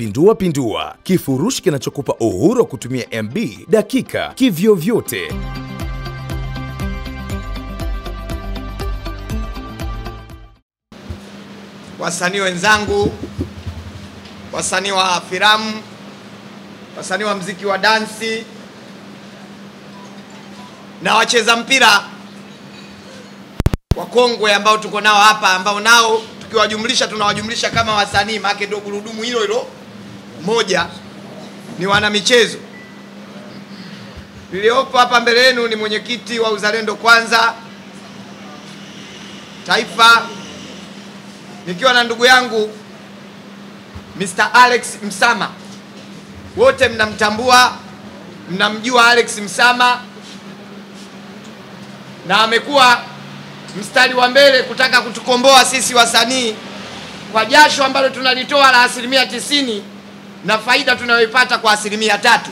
pindua pindua, kifurushi kinachokupa uhuru wa kutumia MB dakika kivyovyote. Wasanii wenzangu, wasanii wa filamu, wasanii wa mziki wa dansi na wacheza mpira wakongwe ambao tuko nao hapa, ambao nao tukiwajumlisha tunawajumlisha kama wasanii, maana ndio gurudumu hilo hilo moja ni wanamichezo. Niliyopo hapa mbele yenu ni mwenyekiti wa Uzalendo Kwanza Taifa, nikiwa na ndugu yangu Mr. Alex Msama. Wote mnamtambua, mnamjua Alex Msama, na amekuwa mstari wa mbele kutaka kutukomboa sisi wasanii kwa jasho ambalo tunalitoa la asilimia tisini na faida tunayoipata kwa asilimia tatu.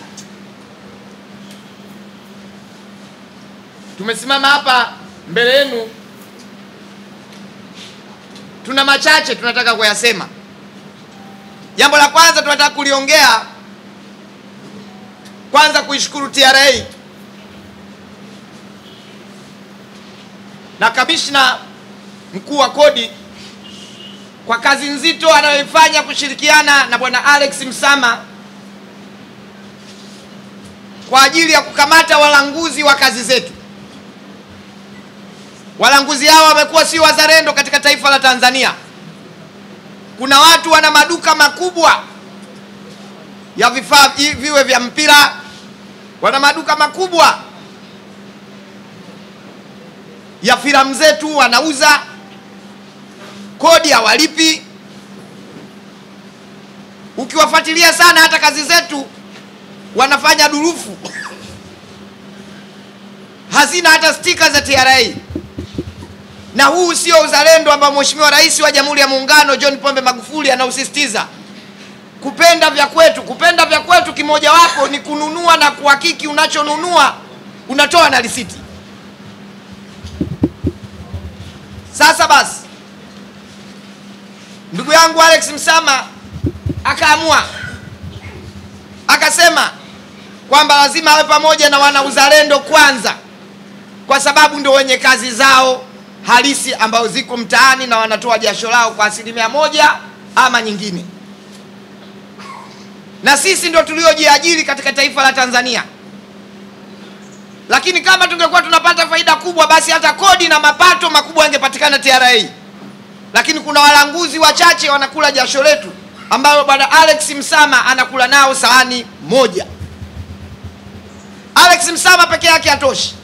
Tumesimama hapa mbele yenu, tuna machache tunataka kuyasema. Jambo la kwanza tunataka kuliongea, kwanza kuishukuru TRA na kamishna mkuu wa kodi kwa kazi nzito anayoifanya kushirikiana na bwana Alex Msama kwa ajili ya kukamata walanguzi wa kazi zetu. Walanguzi hao wamekuwa si wazalendo katika taifa la Tanzania. Kuna watu wana maduka makubwa ya vifaa viwe vya mpira, wana maduka makubwa ya filamu zetu wanauza kodi hawalipi. Ukiwafuatilia sana, hata kazi zetu wanafanya durufu hazina hata stika za TRA, na huu sio uzalendo ambao Mheshimiwa Rais wa Jamhuri ya Muungano John Pombe Magufuli anausisitiza kupenda vya kwetu. Kupenda vya kwetu kimojawapo ni kununua na kuhakiki unachonunua, unatoa na risiti. Sasa basi ndugu yangu Alex Msama akaamua akasema kwamba lazima awe pamoja na wana uzalendo kwanza, kwa sababu ndio wenye kazi zao halisi ambao ziko mtaani na wanatoa jasho lao kwa asilimia moja ama nyingine, na sisi ndio tuliojiajiri katika taifa la Tanzania. Lakini kama tungekuwa tunapata faida kubwa, basi hata kodi na mapato makubwa yangepatikana TRA lakini kuna walanguzi wachache wanakula jasho letu, ambayo bwana Alex Msama anakula nao sahani moja. Alex Msama peke yake hatoshi,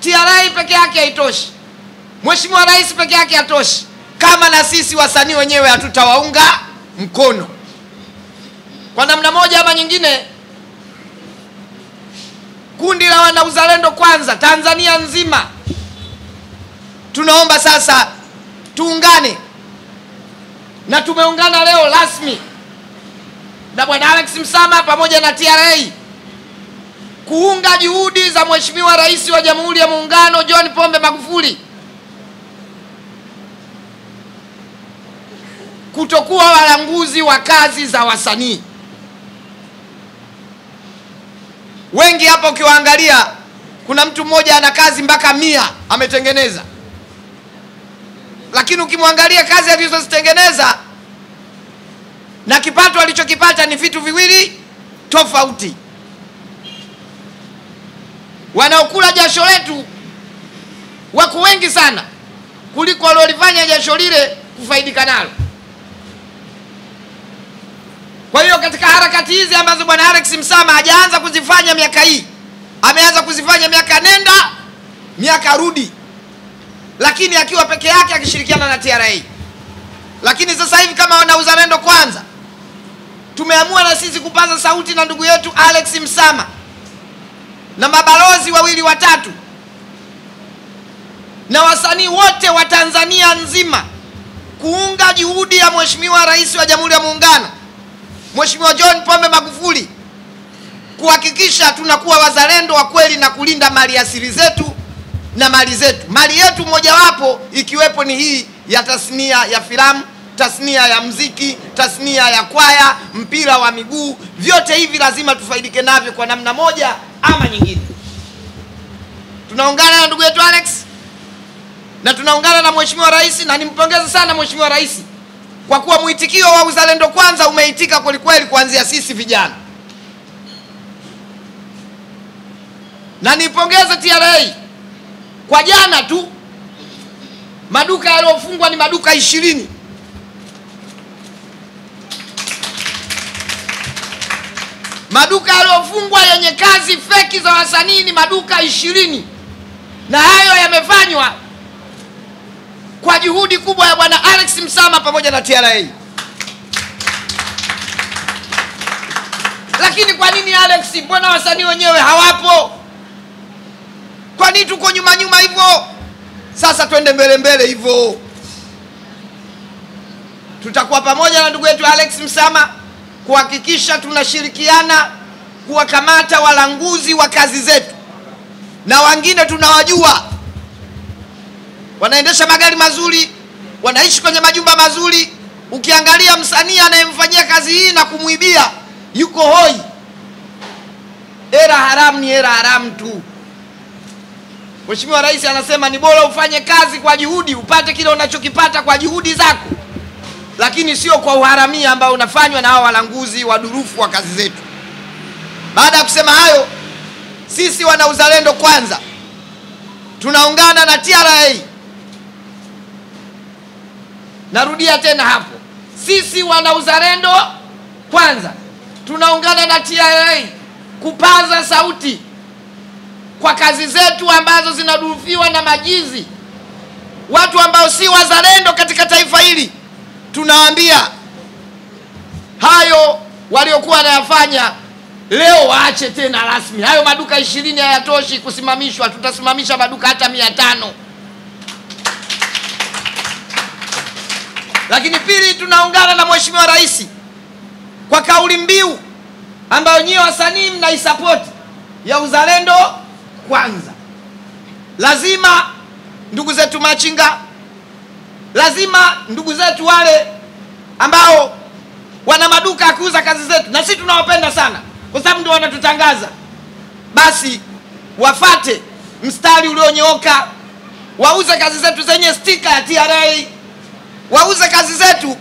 TRA peke yake haitoshi, Mheshimiwa Rais peke yake hatoshi, kama na sisi wasanii wenyewe hatutawaunga mkono kwa namna moja ama nyingine. Kundi la wana uzalendo kwanza Tanzania nzima tunaomba sasa tuungane, na tumeungana leo rasmi na bwana Alex Msama pamoja na TRA kuunga juhudi za Mheshimiwa Rais wa Jamhuri ya Muungano John Pombe Magufuli kutokuwa walanguzi wa kazi za wasanii. Wengi hapa ukiwaangalia, kuna mtu mmoja ana kazi mpaka mia ametengeneza lakini ukimwangalia kazi alizozitengeneza na kipato alichokipata ni vitu viwili tofauti. Wanaokula jasho letu wako wengi sana kuliko waliolifanya jasho lile kufaidika nalo. Kwa hiyo katika harakati hizi ambazo bwana Alex Msama hajaanza kuzifanya miaka hii, ameanza kuzifanya miaka nenda miaka rudi lakini akiwa peke yake akishirikiana na TRA. Lakini sasa hivi kama wana uzalendo kwanza, tumeamua na sisi kupaza sauti na ndugu yetu Alex Msama na mabalozi wawili watatu na wasanii wote wa Tanzania nzima kuunga juhudi ya Mheshimiwa Rais wa Jamhuri ya Muungano Mheshimiwa John Pombe Magufuli kuhakikisha tunakuwa wazalendo wa kweli na kulinda mali asili zetu na mali zetu. Mali yetu mojawapo ikiwepo ni hii ya tasnia ya filamu, tasnia ya mziki, tasnia ya kwaya, mpira wa miguu. Vyote hivi lazima tufaidike navyo kwa namna moja ama nyingine. Tunaungana na ndugu yetu Alex na tunaungana na Mheshimiwa Rais, na nimpongeze sana Mheshimiwa Rais kwa kuwa mwitikio wa Uzalendo Kwanza umeitika kwelikweli, kuanzia sisi vijana, na nipongeze TRA kwa jana tu maduka yaliyofungwa ni maduka ishirini. Maduka yaliyofungwa yenye kazi feki za wasanii ni maduka ishirini, na hayo yamefanywa kwa juhudi kubwa ya bwana Alex Msama pamoja na TRA. Lakini kwa nini Alex, mbona wasanii wenyewe hawapo? Kwa nini tuko nyuma nyuma hivyo? Sasa twende mbele mbele hivyo. Tutakuwa pamoja na ndugu yetu Alex Msama kuhakikisha tunashirikiana kuwakamata walanguzi wa kazi zetu, na wengine tunawajua, wanaendesha magari mazuri, wanaishi kwenye majumba mazuri. Ukiangalia msanii anayemfanyia kazi hii na kumwibia yuko hoi. Era haramu ni era haramu tu. Mheshimiwa Rais anasema ni bora ufanye kazi kwa juhudi, upate kile unachokipata kwa juhudi zako, lakini sio kwa uharamia ambao unafanywa na hao walanguzi wadurufu wa kazi zetu. Baada ya kusema hayo, sisi wana uzalendo kwanza tunaungana na TRA. Narudia tena hapo, sisi wana uzalendo kwanza tunaungana na TRA kupaza sauti kwa kazi zetu ambazo zinadurufiwa na majizi, watu ambao si wazalendo katika taifa hili. Tunawaambia hayo waliokuwa wanayafanya leo waache tena rasmi. Hayo maduka ishirini hayatoshi kusimamishwa, tutasimamisha maduka hata mia tano. Lakini pili, tunaungana na Mheshimiwa Rais kwa kauli mbiu ambayo nyie wasanii mnaisapoti ya uzalendo kwanza. Lazima ndugu zetu machinga, lazima ndugu zetu wale ambao wana maduka ya kuuza kazi zetu, na sisi tunawapenda sana kwa sababu ndio wanatutangaza, basi wafate mstari ulionyooka, wauze kazi zetu zenye stika ya TRA, wauze kazi zetu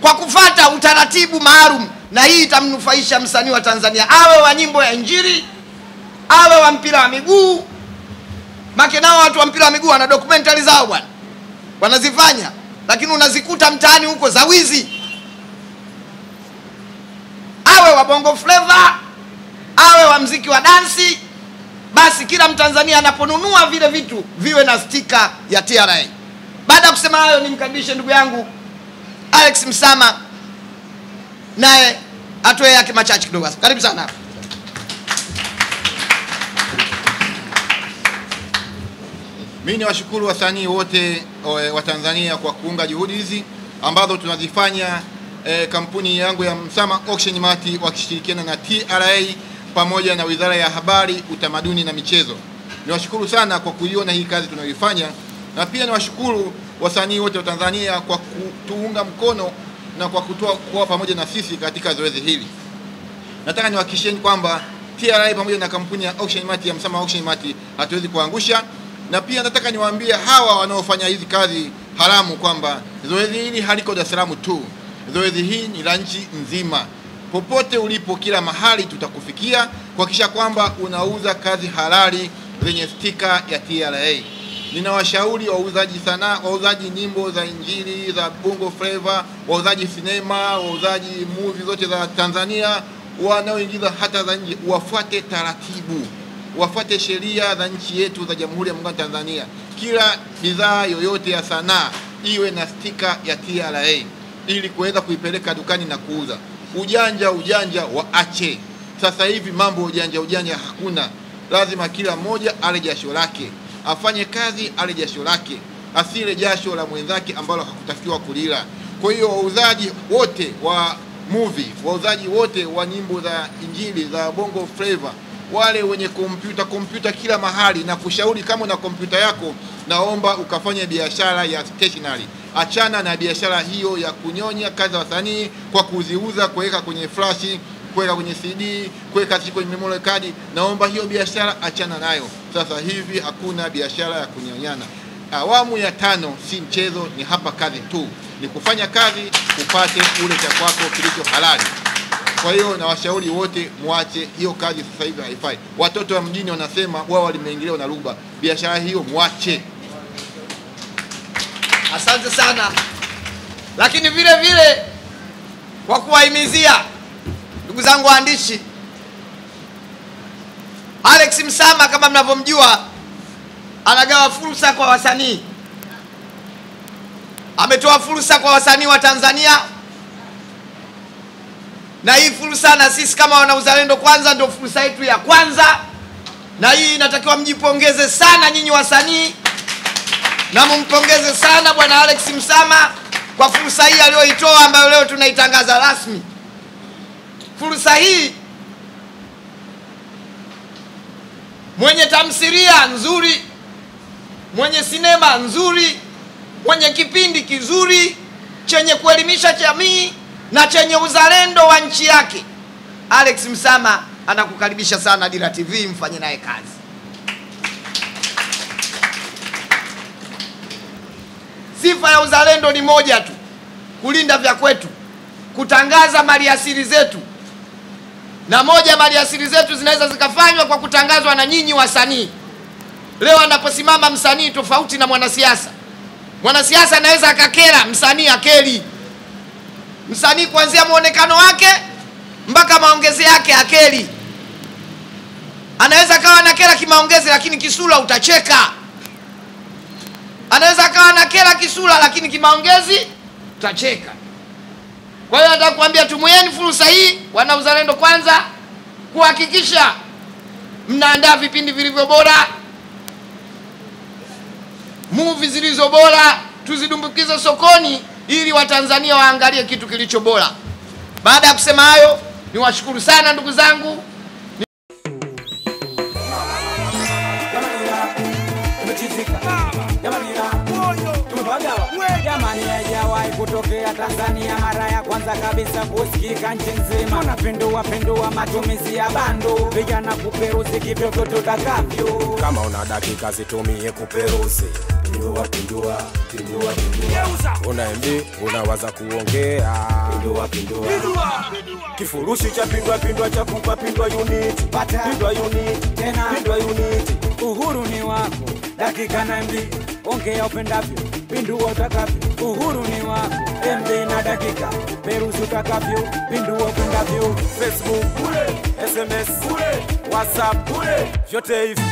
kwa kufata utaratibu maalum, na hii itamnufaisha msanii wa Tanzania, awe wa nyimbo ya Injili awe wa mpira wa miguu make nao watu wa mpira wa miguu wana dokumentari zao bwana wanazifanya lakini unazikuta mtaani huko za wizi awe wa bongo fleva awe wa mziki wa dansi basi kila mtanzania anaponunua vile vitu viwe na stika ya tra baada ya kusema hayo nimkaribishe ndugu yangu alex msama naye atoe yake machache kidogo karibu sana Mimi ni washukuru wasanii wote eh, wa Tanzania kwa kuunga juhudi hizi ambazo tunazifanya e, kampuni yangu ya Msama Auction Mart wakishirikiana na TRA pamoja na Wizara ya Habari, Utamaduni na Michezo. Niwashukuru sana kwa kuiona hii kazi tunayoifanya, na pia niwashukuru wasanii wote wa Tanzania kwa kutuunga mkono na kwa kutoa kuwa pamoja na sisi katika zoezi hili. Nataka niwahakikishieni kwamba TRA pamoja na kampuni ya Auction Mart ya Msama Auction Mart hatuwezi kuangusha na pia nataka niwaambie hawa wanaofanya hizi kazi haramu kwamba zoezi hili haliko Dar es Salaam tu, zoezi hii ni la nchi nzima. Popote ulipo, kila mahali tutakufikia kuhakikisha kwamba unauza kazi halali zenye stika ya TRA. Ninawashauri wauzaji sanaa, wauzaji nyimbo za Injili, za bongo flava, wauzaji sinema, wauzaji movie zote za Tanzania, wanaoingiza hata za nje, wafuate taratibu wafuate sheria za nchi yetu za Jamhuri ya Muungano wa Tanzania. Kila bidhaa yoyote ya sanaa iwe na stika ya TRA ili kuweza kuipeleka dukani na kuuza. Ujanja ujanja waache. Sasa hivi mambo ujanja ujanja hakuna, lazima kila mmoja ale jasho lake, afanye kazi, ale jasho lake, asile jasho la mwenzake ambalo hakutakiwa kulila. Kwa hiyo wauzaji wote wa movie, wauzaji wote wa nyimbo za Injili za bongo flavor wale wenye kompyuta kompyuta kila mahali, na kushauri kama una kompyuta yako, naomba ukafanya biashara ya stationery. Achana na biashara hiyo ya kunyonya kazi za wasanii kwa kuziuza, kuweka kwenye flashi, kuweka kwenye CD, kuweka kwenye memory card. Naomba hiyo biashara achana nayo. Sasa hivi hakuna biashara ya kunyonyana. Awamu ya tano si mchezo, ni hapa kazi tu, ni kufanya kazi upate ule cha kwako kilicho halali. Kwa hiyo na washauri wote mwache hiyo kazi, sasa hivi haifai. Watoto wa mjini wanasema wao walimeingiliwa na ruba, biashara hiyo mwache. Asante sana, lakini vile vile kwa kuwahimizia ndugu zangu waandishi, Alex Msama kama mnavyomjua, anagawa fursa kwa wasanii, ametoa fursa kwa wasanii wa Tanzania na hii fursa, na sisi kama wanauzalendo kwanza ndio fursa yetu ya kwanza, na hii inatakiwa mjipongeze sana nyinyi wasanii, na mumpongeze sana bwana Alex Msama kwa fursa hii aliyoitoa ambayo leo tunaitangaza rasmi. Fursa hii mwenye tamthilia nzuri, mwenye sinema nzuri, mwenye kipindi kizuri chenye kuelimisha jamii na chenye uzalendo wa nchi yake. Alex Msama anakukaribisha sana Dira TV, mfanye naye kazi. Sifa ya uzalendo ni moja tu, kulinda vya kwetu, kutangaza maliasili zetu, na moja maliasili zetu zinaweza zikafanywa kwa kutangazwa na nyinyi wasanii. Leo anaposimama msanii tofauti na mwanasiasa, mwanasiasa anaweza akakera, msanii akeli msanii kuanzia mwonekano wake mpaka maongezi yake akeli. Anaweza akawa anakera kimaongezi, lakini kisura utacheka. Anaweza akawa anakera kisura, lakini kimaongezi utacheka. Kwa hiyo nataka kuambia, tumueni fursa hii, wana uzalendo, kwanza kuhakikisha mnaandaa vipindi vilivyo bora, muvi zilizo bora, tuzidumbukize sokoni ili Watanzania waangalie kitu kilicho bora. Baada ya kusema hayo, niwashukuru sana ndugu zangu. kutokea Tanzania mara ya kwanza kabisa kusikika nchi nzima. Tunapindua pindua matumizi ya bando, vijana kuperuzi kivyo tutakavyo. Kama una dakika zitumie kuperuzi pindua, pindua, pindua, pindua. Una MB unawaza kuongea pindua, pindua. Pindua. Kifurushi cha pindua pindua cha kupa pindua unit pata pindua unit tena pindua unit. Uhuru ni wako, dakika na mbi ongea upendavyo, pindua utakavyo. Uhuru ni wako MB na dakika, peruzi utakavyo, pindua upendavyo. Facebook bure, SMS bure, WhatsApp bure, vyote hivi